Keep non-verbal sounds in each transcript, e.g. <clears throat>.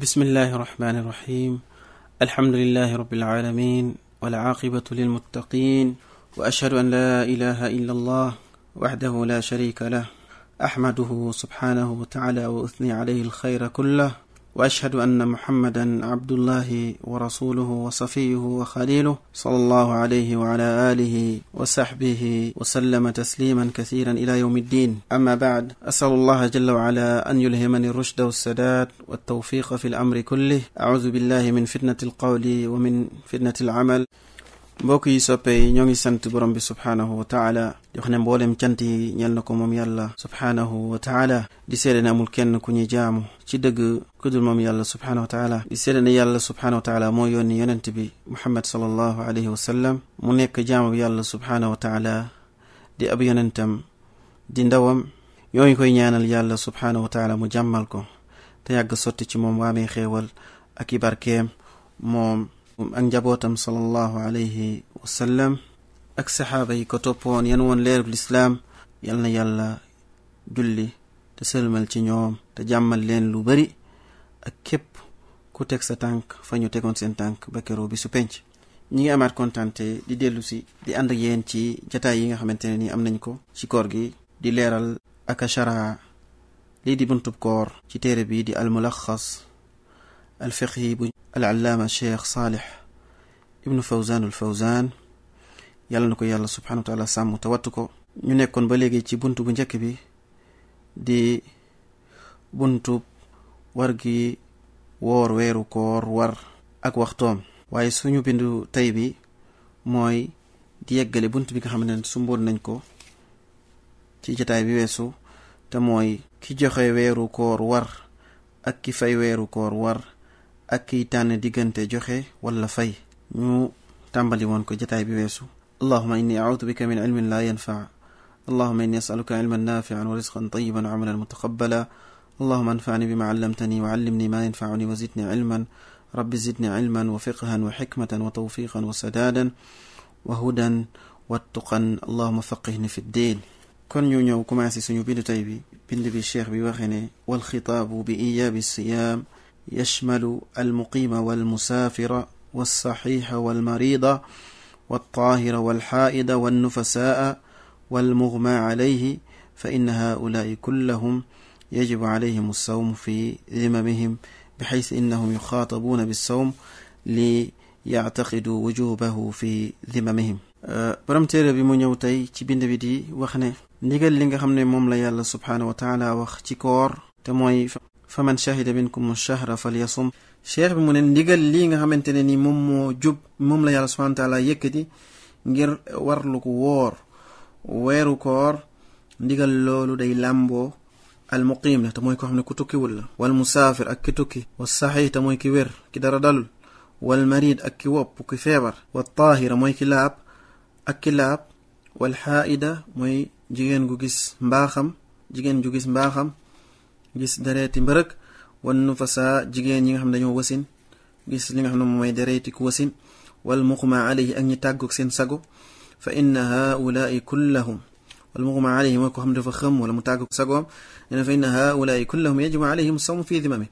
بسم الله الرحمن الرحيم الحمد لله رب العالمين والعاقبة للمتقين وأشهد أن لا إله إلا الله وحده لا شريك له أحمده سبحانه وتعالى وأثني عليه الخير كله واشهد ان محمدا عبد الله ورسوله وصفيه وخليله صلى الله عليه وعلى اله وصحبه وسلم تسليما كثيرا الى يوم الدين اما بعد اسال الله جل وعلا ان يلهمني الرشد والسداد والتوفيق في الامر كله اعوذ بالله من فتنه القول ومن فتنه العمل mbokk yi soppe yi ñoo ngi sant borom bi subhaanahu wa taala di wax ne mboolem cant yi ñel na ko moom yàlla subhaanahu wa taala di seede ne amul kenn ku ñuy jaamu ci dëgg ku dul moom yàlla subhaanahu wa taala di seede ne yàlla subhaanahu wa taala moo yónni yonent bi muhammad sallallahu alayhi wa sallam mu nekk jaamu yàlla subhaanahu wa di ab yonentam di ndawam ñoo koy ñaanal yàlla subhaanahu wa mu jàmmal ko te yàgg sotti ci moom waamee xéewal ak barkeem moom ak njabootam sallallahu alayhi ak saxaaba yi ko toppoon yan woon leerub lislaam yal na yàlla julli te sëlmal ci ñoom te jàmmal leen lu bari ak képp ku teg sa tànk fa ñu tegoon seen tànk ba keroo bi su penc ñi nga amaat kontante di dellusi di ànd ak ci jataay yi nga xamante ne ni am nañ ko ci koor gi di leeral ak a sharaa lii buntub koor ci téere bi di almulaxas الفقهي العلامة الشيخ صالح ابن فوزان الفوزان يلا نكو يلا سبحانه وتعالى سام متوتكو نيكون بليغي تي بونتو بنجك بي دي بونتو ورغي وور ويرو كور وار اك وقتوم واي سونو بيندو تاي بي موي دي يغالي بونتو بيغا خامن سومبور نانكو تي جتاي بي ويسو تا موي كي جوخاي ويرو كور وار اك كي فاي ويرو كور وار ak kiy tànn diggante joxe wala fay ñu tàmbali woon ko jataay bi weesu allahuma inni audu bika min ilmin la yanfa allahuma inni asaluka ilman nafian wa risqan tayiban wa amalan mutaqabala allahuma anfani bima allamtani wa allimni ma yanfauni wa zidni ilman rabbi zidni ilman wa fiqhan wa hikmatan wa tawfiqan wa sadadan wa hudan wa tuqan allahuma faqihni fi ddin kon ñu ñëw commencé suñu bindu tey bi bind bi cheikh bi waxe ne walxitaabu bi iyaabi siyaam يشمل المقيم والمسافر والصحيح والمريض والطاهر والحائد والنفساء والمغمى عليه فإن هؤلاء كلهم يجب عليهم الصوم في ذممهم بحيث إنهم يخاطبون بالصوم ليعتقدوا وجوبه في ذممهم borom téere bi mu ñëw tey ci bind bi di wax ne ndigal li nga xam ne moom la yàlla subhaanahu wa taala wax faman shahida minkum shahra falyasum cheikh bi mu ne ndigal lii nga xamante ne ni moom moo jub moom la yàlla subhana taala yëkkati ngir warlu ko woor weeru koor ndigal loolu day làmboo al muqiim la te mooy koo xam ne ku tukkiwul la wal musaafir ak ki tukki wa saxiix te mooy ki wér ki dara dalul wal marid ak ki wopp ki feebar wa taahira mooy ki laab ak ki laab wal xaaida mooy jigéen gu gis mbaaxam jigéen ju gis mbaaxam gis dereeti mbërëg wal nufasaa jigéen ñi nga xam dañoo wasin gis li nga xam ne mooy dereeti ku wasin wal muqma alayhi ak ñi tàggoog seen sago fa inna haulaai kullahum wal muqma alayhi mooy ko xam dafa xëm wala mu tàggoog sagoom nee fa inna haulaai kullahum yajibu alayhim sawm fi dimami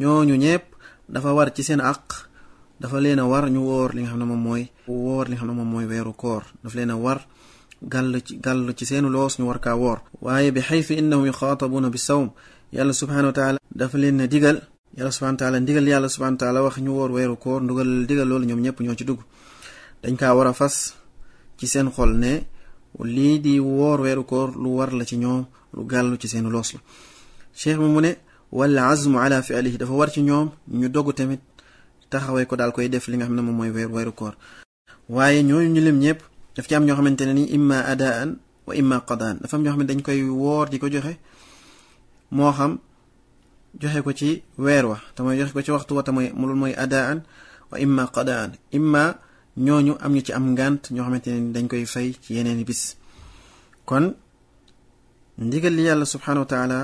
ñooñu ñëpp dafa war ci seen aq dafa leen a war ñu woor li nga xam ne moom mooy woor li nga xam ne moom mooy weeru koor dafa leen a war gàll ci gàll ci seenu loos ñu war kaa woor waaye bi xaytu innahum yuxaatabuuna bi sawm yàlla subhaanahu wa taala dafa leen digal yàlla subhaanahu wa taala ndigal yàlla subhaanahu wa taala wax ñu woor weeru koor ndugal digal loolu ñoom ñëpp ñoo ci dugg dañ kaa war a fas ci seen xol ne lii di woor weeru koor lu war la ci ñoom lu gàllu ci seen loos la cheikh bi mu ne wala azmu ala fi'lihi dafa war ci ñoom ñu dogg tamit taxawee ko daal koy def li nga xam ne moom mooy weer koor waaye ñooñu ñu lim ñëpp daf ci am ñoo xamante ni imma adaan wa imma qadaan dafa am ñoo xam dañ koy woor di joxe moo xam joxe ko ci weer wa te mooy ko ci waxtu wa te mooy adaa mooy wa imma qadaan imma ñooñu am ñu ci am ngànt ñoo xamante ne dañ koy fay ci yeneen bis kon ndigal li yàlla subhaanahu wa taala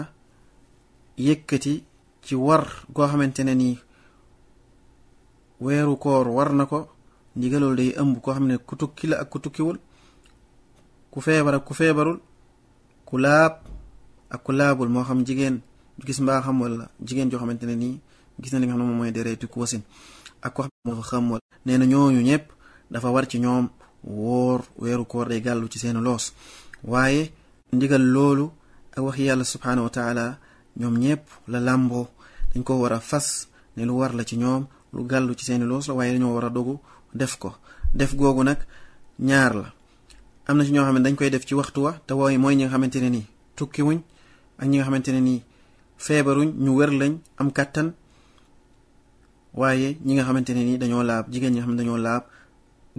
ci war goo xamante ne nii weeru koor war na ko ndigaloolu day ëmb koo xam ne ku tukki ku tukkiwul ku ku laab ak ku laabul moo xam jigéen gis mbaaxam wala jigéen joo xamante ne nii gis na li nga xam ne moom mooy deretu ku wasin ak xam moo nee na ñooñu ñëpp dafa war ci ñoom wóor weeru koor day gàllu ci seen loos waaye ndigal loolu wax yàlla subhaanahu wa taala ñoom ñëpp la làmboo dañ ko war a fas ne lu war la ci ñoom lu gàllu ci seeni loos waaye dañoo war a dogu def ko def googu nag ñaar la am na ci ñoo xam dañ koy def ci waxtu wa te wooy mooy ñi nga xamante ne nii tukkiwuñ ak ñi nga xamantene ni nii feebaruñ ñu wér lañ am kàttan waaye ñi nga xamantene ni dañoo laab jigéen ñi nga xam dañoo laab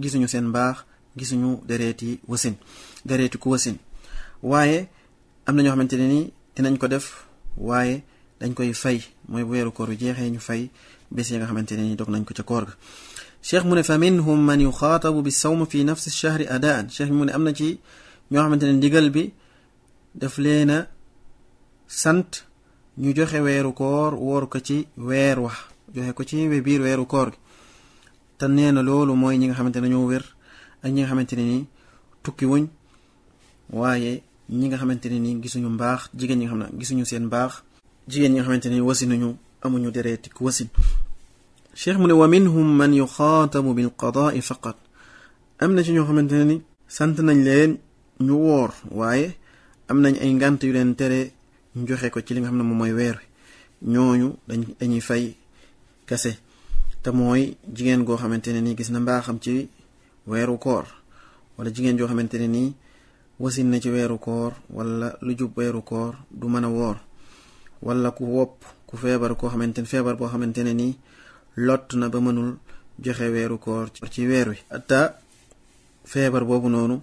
gisuñu seen baax gisuñu dereeti yi wasin dereet ku wasin waaye am na ñoo xamantene ni dinañ ko def waaye dañ koy fay mooy bu weeru koor yu jeexee ñu fay bés yi nga xamantene ni dog nañ ko ca koor ga cheikh mu ne fa minhum man yuxaatabu bi sawm fi nafsi shahri adaan cheikh mu ne am na ci ñoo xamantene ndigal bi daf leen a sant ñu joxe weeru koor woor ko ci weer wax joxe ko ci we biir weeru koor gi te nee na loolu mooy ñi nga xamante ne ñoo wér ak ñi nga xamante ne ni tukki wuñ waaye ñi nga xamante ne ni gisuñu mbaax jigéen ñi nga xam ne gisuñu seen mbaax jigéen ñi nga xamante ne ni wasinuñu amuñu dereetik wasin cheikh mu ne wa minhum man yuxaatabu bilqadaai faqat am na ci ñoo xamante ne ni sant nañ leen ñu woor waaye am nañ ay ngànt yu leen tere ñu joxe ko ci li nga xam ne moom mooy weer wi ñooñu dañ dañuy fay kase te mooy jigéen goo xamante ne nii gis na mbaaxam ci weeru koor wala jigéen joo xamante ne nii wasin na ci weeru koor walla lu weeru koor du mën a woor wala ku wopp ku feebar koo xamante ne feebar boo xamante ne nii lott na ba mënul joxe weeru koor ci weer wi ata feebar boobu noonu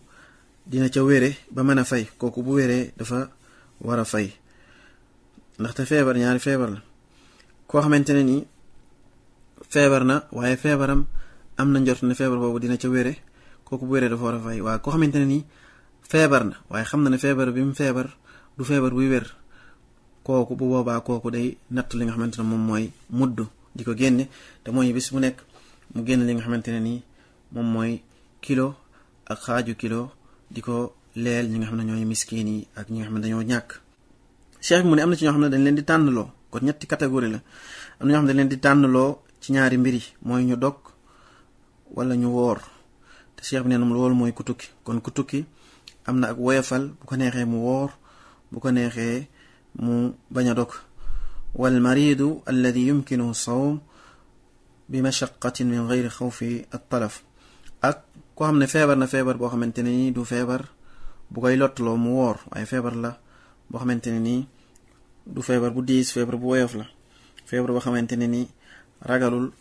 dina ca wére ba mën a fay kooku bu wéree dafa war a fay ndaxte feebar ñaari feebar la koo xamante ne nii feebar na waaye feebaram am na njort ne feebar boobu dina ca wéere kooku bu wéree dafa war a fay waaye koo xamante ne nii feebar na waaye xam na ne feebar bi mu feebar du feebar buy wér kooku bu boobaa kooku day natt li nga xamante ne moom mooy mudd di ko génne te mooy bis mu nekk mu génn li nga xamante ne nii moom mooy kilo ak xaaju kilo di ko leel ñi nga xam ne ñooy miskiin yi ak ñi nga xam ne dañoo ñàkk cheikh bi mu ne am na ci ñoo xam ne dañ leen di tànnloo kon ñetti catégorie la am na ñoo xam ne dañ leen di tànnloo ci ñaari mbiri mooy ñu dog wala ñu woor te cheikh bi nee na loolu mooy ku tukki kon ku tukki am na ak woyafal bu ko neexee mu woor bu ko neexee mu bañ a dog wal maridu alladi yumkinuhu sawm bi mashaqatin min gayri xawfi attalaf ak ko xam ne feebar na feebar boo xamante ne du feebar bu koy lottloo mu woor waaye feebar la boo xamante ni nii du feebar bu diis feebar bu woyof la feebar boo xamante ne ni ragalul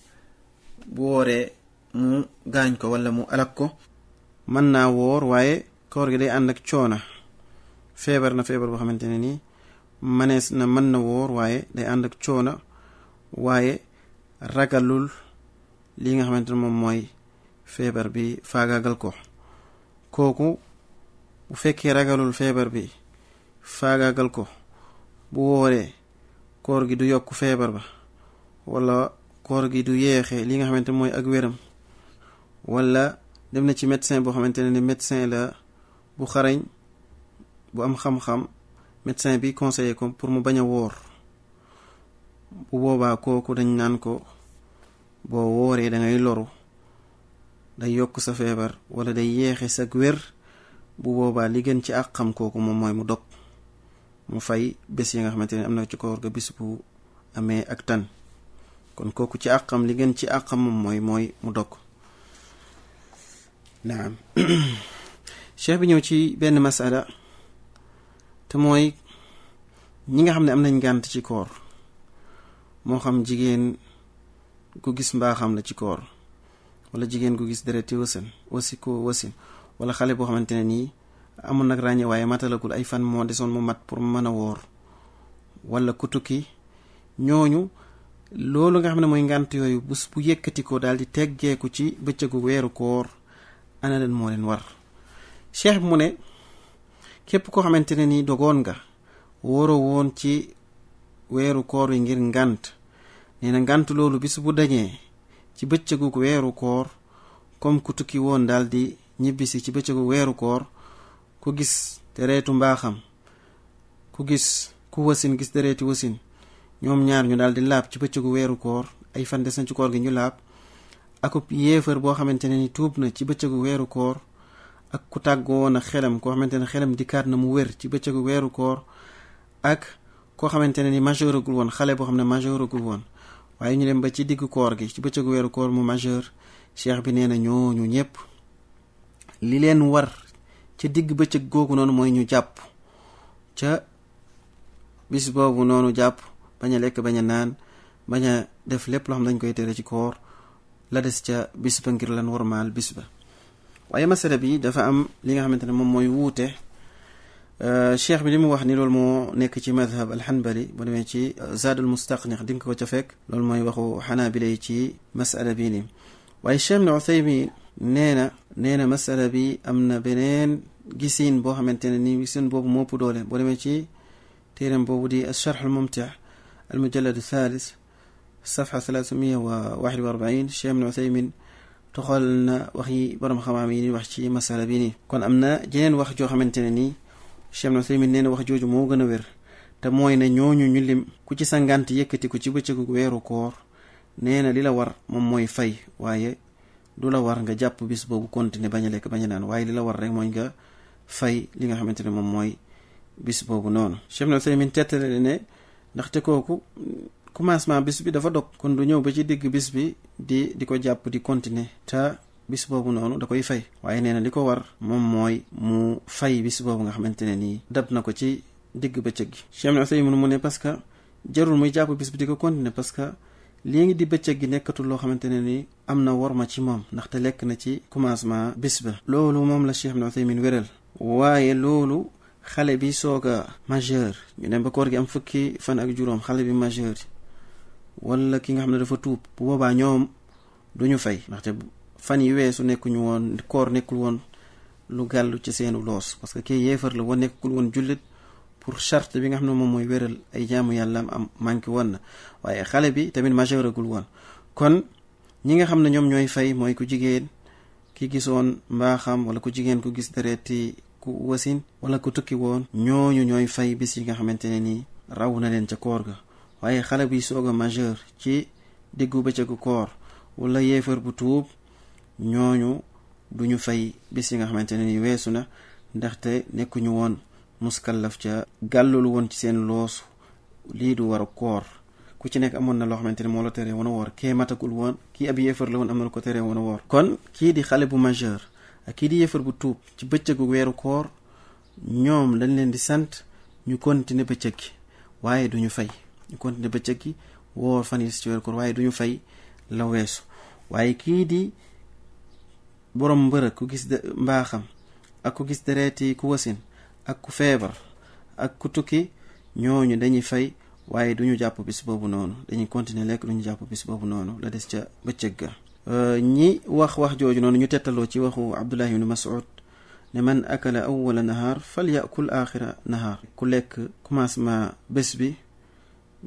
bu wooree mu gaañ ko wala mu alak ko mën naa woor waaye koor gi day ànd ak coona feebar na feebar boo xamante ne nii manees na mën na woor waaye day ànd ak coona waaye ragalul li nga xamante ne moom mooy feebar bi faagaagal ko kooku bu fekkee ragalul feebar bi faagaagal ko bu wooree koor gi du yokk feebar ba wala koor gi du yéexe li nga xamante mooy ak wéram walla dem na ci médecin boo xamante ne ni médecin la bu xarañ bu am xam-xam médecin bi conseillé ko pour mu bañ a woor bu boobaa kooku dañ naan ko boo wooree da ngay loru day yokk sa feebar wala day yeexe sa wér bu boobaa li gën ci àqam kooku moom mooy mu dog mu fay bés yi nga xamante ne am na ci koor ga bis bu amee ak tan kon kooku ci àqam li ngeen ci àqam moom mooy mooy mu dog naam <clears throat> cheikh bi ñëw ci benn masala te mooy ñi nga xam ne am nañ ngànt ci koor moo xam jigéen ku gis mbaaxam la ci koor wala jigéen ku gis dereti wasin wasi ko wasin wala xale boo xamante ne nii amul nag ràññe waaye matalagul ay fan moo desoon mu mat pour mën a woor wala kutukki ñooñu loolu nga xam ne mooy ngant yooyu bus bu yëkkatikoo daal di teggeeku ci bëccëgu weeru koor ana leen moo leen war cheikh mu ne képp koo xamante ne ni dogoon nga wóoroo woon ci weeru koor wi ngir ngant nee na ngant loolu bis bu dañee ci bëccëgu weeru koor comme kutukki woon daal di ñibbisi ci bëccëgu weeru koor ku gis dereetu mbaaxam ku gis ku wasin gis dereeti wasin ñoom ñaar ñu daal di laab ci bëccëgu weeru koor ay fan des na koor gi ñu laab ako yéefar boo xamante ne ni tuub na ci bëccëgu weeru koor ak ku tàggoo woon a koo xamante ne xelam dikkaat na mu wér ci bëccëgu weeru koor ak koo xamante ne ni majeuragul woon xale boo xam ne majeuragul woon waaye ñu dem ba ci diggu koor gi ci bëccëgu weeru koor mu majeur cheikh bi nee na ñooñu ñépp li leen war ca digg ba bëccëg googu noonu mooy ñu jàpp ca bis boobu noonu jàpp bañ a lekk bañ a naan bañ a def lépp loo xam dañ koy tere ci koor la des ca bis ba ngir lan warmaal bis ba waaye masala bi dafa am li nga xamante ne moom mooy wuute cheikh bi li mu wax ni loolu moo nekk ci madhab alxanbali bu demee ci zaadul mustaqnix di nga ko ca fekk loolu mooy waxu xanaabila ci masala bi ni waaye cheikh ne uthaymin nee na nee na masala bi am na beneen gisin boo xamante ne nii gisin boobu moo ëpp doole boo demee ci téeram boobu di alcharx almumtix almujallad thalis safxa thalathamiya wa waxid wa arbain cheikh ibn uthaymin toxal na wax yi borom xamaam yi ni wax ci masala bi nii kon am na jeneen wax joo xamante ne nii cheikh ibn uthaymin na wax jooju moo gën a wér te mooy na ñooñu ñu lim ku ci sangant yëkkati ku ci bëccëgu weeru koor nee na li la war moom mooy fay waaye du la war nga jàpp bis boobu continuer bañ a lekk bañ naan waaye li la war rek mooy nga fay li nga xamante ne moom mooy bis boobu noonu Cheikh na Useymin tettale ne ndaxte kooku commencement bis bi dafa dog kon du ñëw ba ci digg bis bi di di ko jàpp di continuer te bis boobu noonu da koy fay waaye nee na li ko war moom mooy mu fay bis boobu nga xamante ne nii dab na ko ci digg bëccëg gi Cheikh na Useymin mu ne parce que jarul muy jàpp bis bi di ko continuer parce que lii ngi di bëccëg gi nekkatul loo xamante ne ni am na war ma ci moom ndaxte lekk na ci commencement bis ba loolu moom la Cheikh na Useymin wéral waaye loolu xale bi soog a majeur ñu dem ba koor gi am fukki fan ak juróom xale bi majeur wala ki nga xam ne dafa tuub bu boobaa ñoom du ñu fay ndaxte fan yi weesu nekkuñu woon koor nekkul woon lu gàllu ci seenu loos parce que kii yéefar la woon nekkul woon jullit pour charte bi nga xam ne moom mooy wéral ay jàmm yàlla am manqué woon na waaye xale bi tamit majeuragul woon kon ñi nga xam ne ñoom ñooy fay mooy ku jigéen ki gisoon mbaaxam wala ku jigéen ku gis dereeti ku wasin wala ku tukki woon ñooñu ñooy fay bis yi nga xamante ne nii raw na leen ca koor ga waaye xale bi soog a majeur ci diggu bëccëgu koor walla yéefar bu tuub ñooñu duñu fay bis yi nga xamante ne nii weesu na ndaxte nekkuñu woon muskallaf ca gàllul woon ci seen loosu lii du war a ku ci nekk amoon na loo xamante ne moo la teree woon a woor kee matagul woon kii ab yéefar la woon am na lu ko teree woon a woor kon kii di xale bu majeur ak kii di yéefar bu tuub ci bëccëgu weeru koor ñoom dañ leen di sant ñu continuer bëccëg gi waaye duñu fay ñu continuer bëccëg gi woor fan yi ci weeru koor waaye duñu fay la weesu waaye kii di borom mbërëg ku gis mbaaxam ak ku gis dereeti ku wasin ak ku feebar ak ku tukki ñooñu dañuy fay waaye du ñu jàpp bis boobu noonu dañuy continuer lekk du ñu jàpp bis boobu noonu la des ca bëccëg ga euh, ñi wax wax jooju noonu ñu tettaloo ci waxu Abdullah ibn Mas'ud ne man akala awwala nahaar fal yakul axira nahaar ku lekk commencement bés bi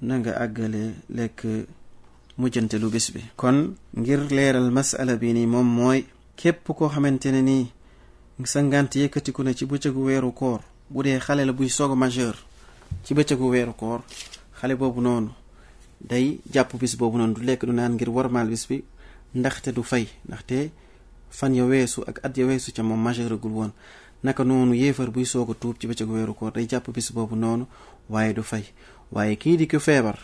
na nga àggale lekk mujjantelu bés bi kon ngir leeral masala bi nii moom mooy képp koo xamante ne nii sa ngant yëkkatiku na ci bëccëgu weeru koor bu dee xale la buy soog a majeur ci bëccëgu weeru koor xale boobu noonu day jàpp bis boobu noonu du lekk du naan ngir warmaal bis bi ndaxte du fay ndaxte fan ya ak at ya weesu ca moom majeuragul woon naka noonu yéefar buy soog a tuub ci bëccëgu weeru ko day jàpp bis boobu noonu waaye du fay waaye kii di ko feebar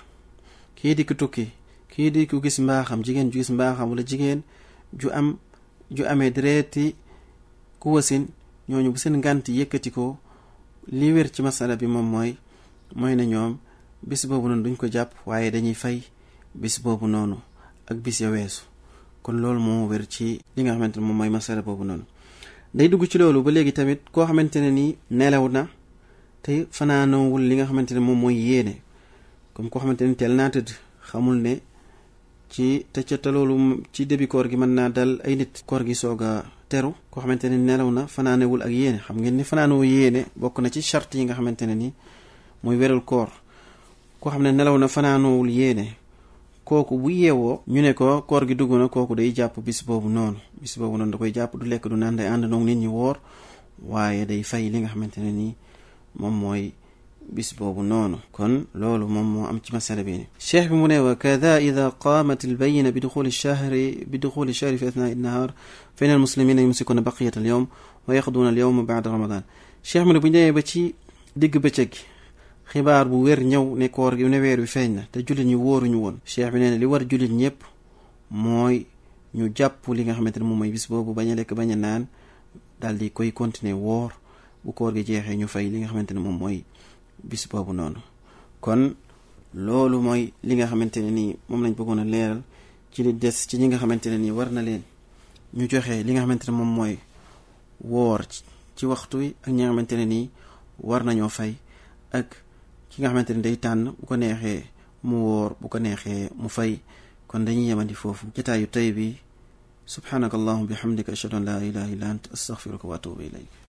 kii di ko tukki kii di ko gis mbaaxam jigéen ju gis mbaaxam wala jigéen ju am ju amee direeti ku wasin ñooñu bu seen ngànt yëkkati ko li ci masala bi moom mooy mooy na ñoom bis boobu noonu duñ ko jàpp waaye dañuy fay bis boobu noonu ak bis ya weesu kon loolu moo wér ci li nga xamante ne moom mooy masala boobu noonu day dugg ci loolu ba léegi tamit koo xamante ne nii neelaw na te fanaanoowul li nga xamante ne moom mooy yéene comme koo xamante ni teel naa tëdd xamul ne ci te ca te loolu ci début koor gi mën naa dal ay nit koor gi soog a teru koo xamante ne nelaw na fanaanewul ak yéene xam ngeen ni fanaanoo yéene bokk na ci charte yi nga xamante ne nii mooy wérul koor ko xamne nelaw na wul yene koku bu yewo ñu ne ko koor gi duguna koku day jàpp bis bobu non bis bobu non da koy jàpp du lek du naan day ànd nok nit ñi wor waye day fay li nga xamantene ni mom moy bis bobu non kon lolu mom mo am ci masala bi ni cheikh bi mu ne wa kada ida qaamat albayina bi al shahri bi dukhul al shahri fi athna al nahar fa al muslimina yumsikuna baqiyat al yawm wa al yawm ba'da ramadan cheikh mu ne bu ñewé ba ci digg bëccëg xibaar bu wér ñëw ne koor gi ne weeru wi feeñ na te jullit ñi wóoruñu woon cheikh bi nee li war jullit ñëpp mooy ñu jàpp li nga xamante ne moom mooy bis boobu bañ a lekk bañ a naan daal di koy continuer woor bu koor gi jeexee ñu fay li nga xamante ne moom mooy bis boobu noonu kon loolu mooy li nga xamante ne nii moom lañ bëggoon a leeral ci li des ci ñi nga xamante ne nii war na leen ñu joxe li nga xamante ne moom mooy woor ci waxtu wi ak ñi nga xamante ne nii war nañoo fay ak ki nga xamante ne day tànn bu ko neexee mu woor bu ko neexee mu fay kon dañuy yemandi foofu jataayu tey bi subhaanaka allahuma bihamdika ashhadu an laa ilaha illa ant astaghfiruka wa atubu ilayk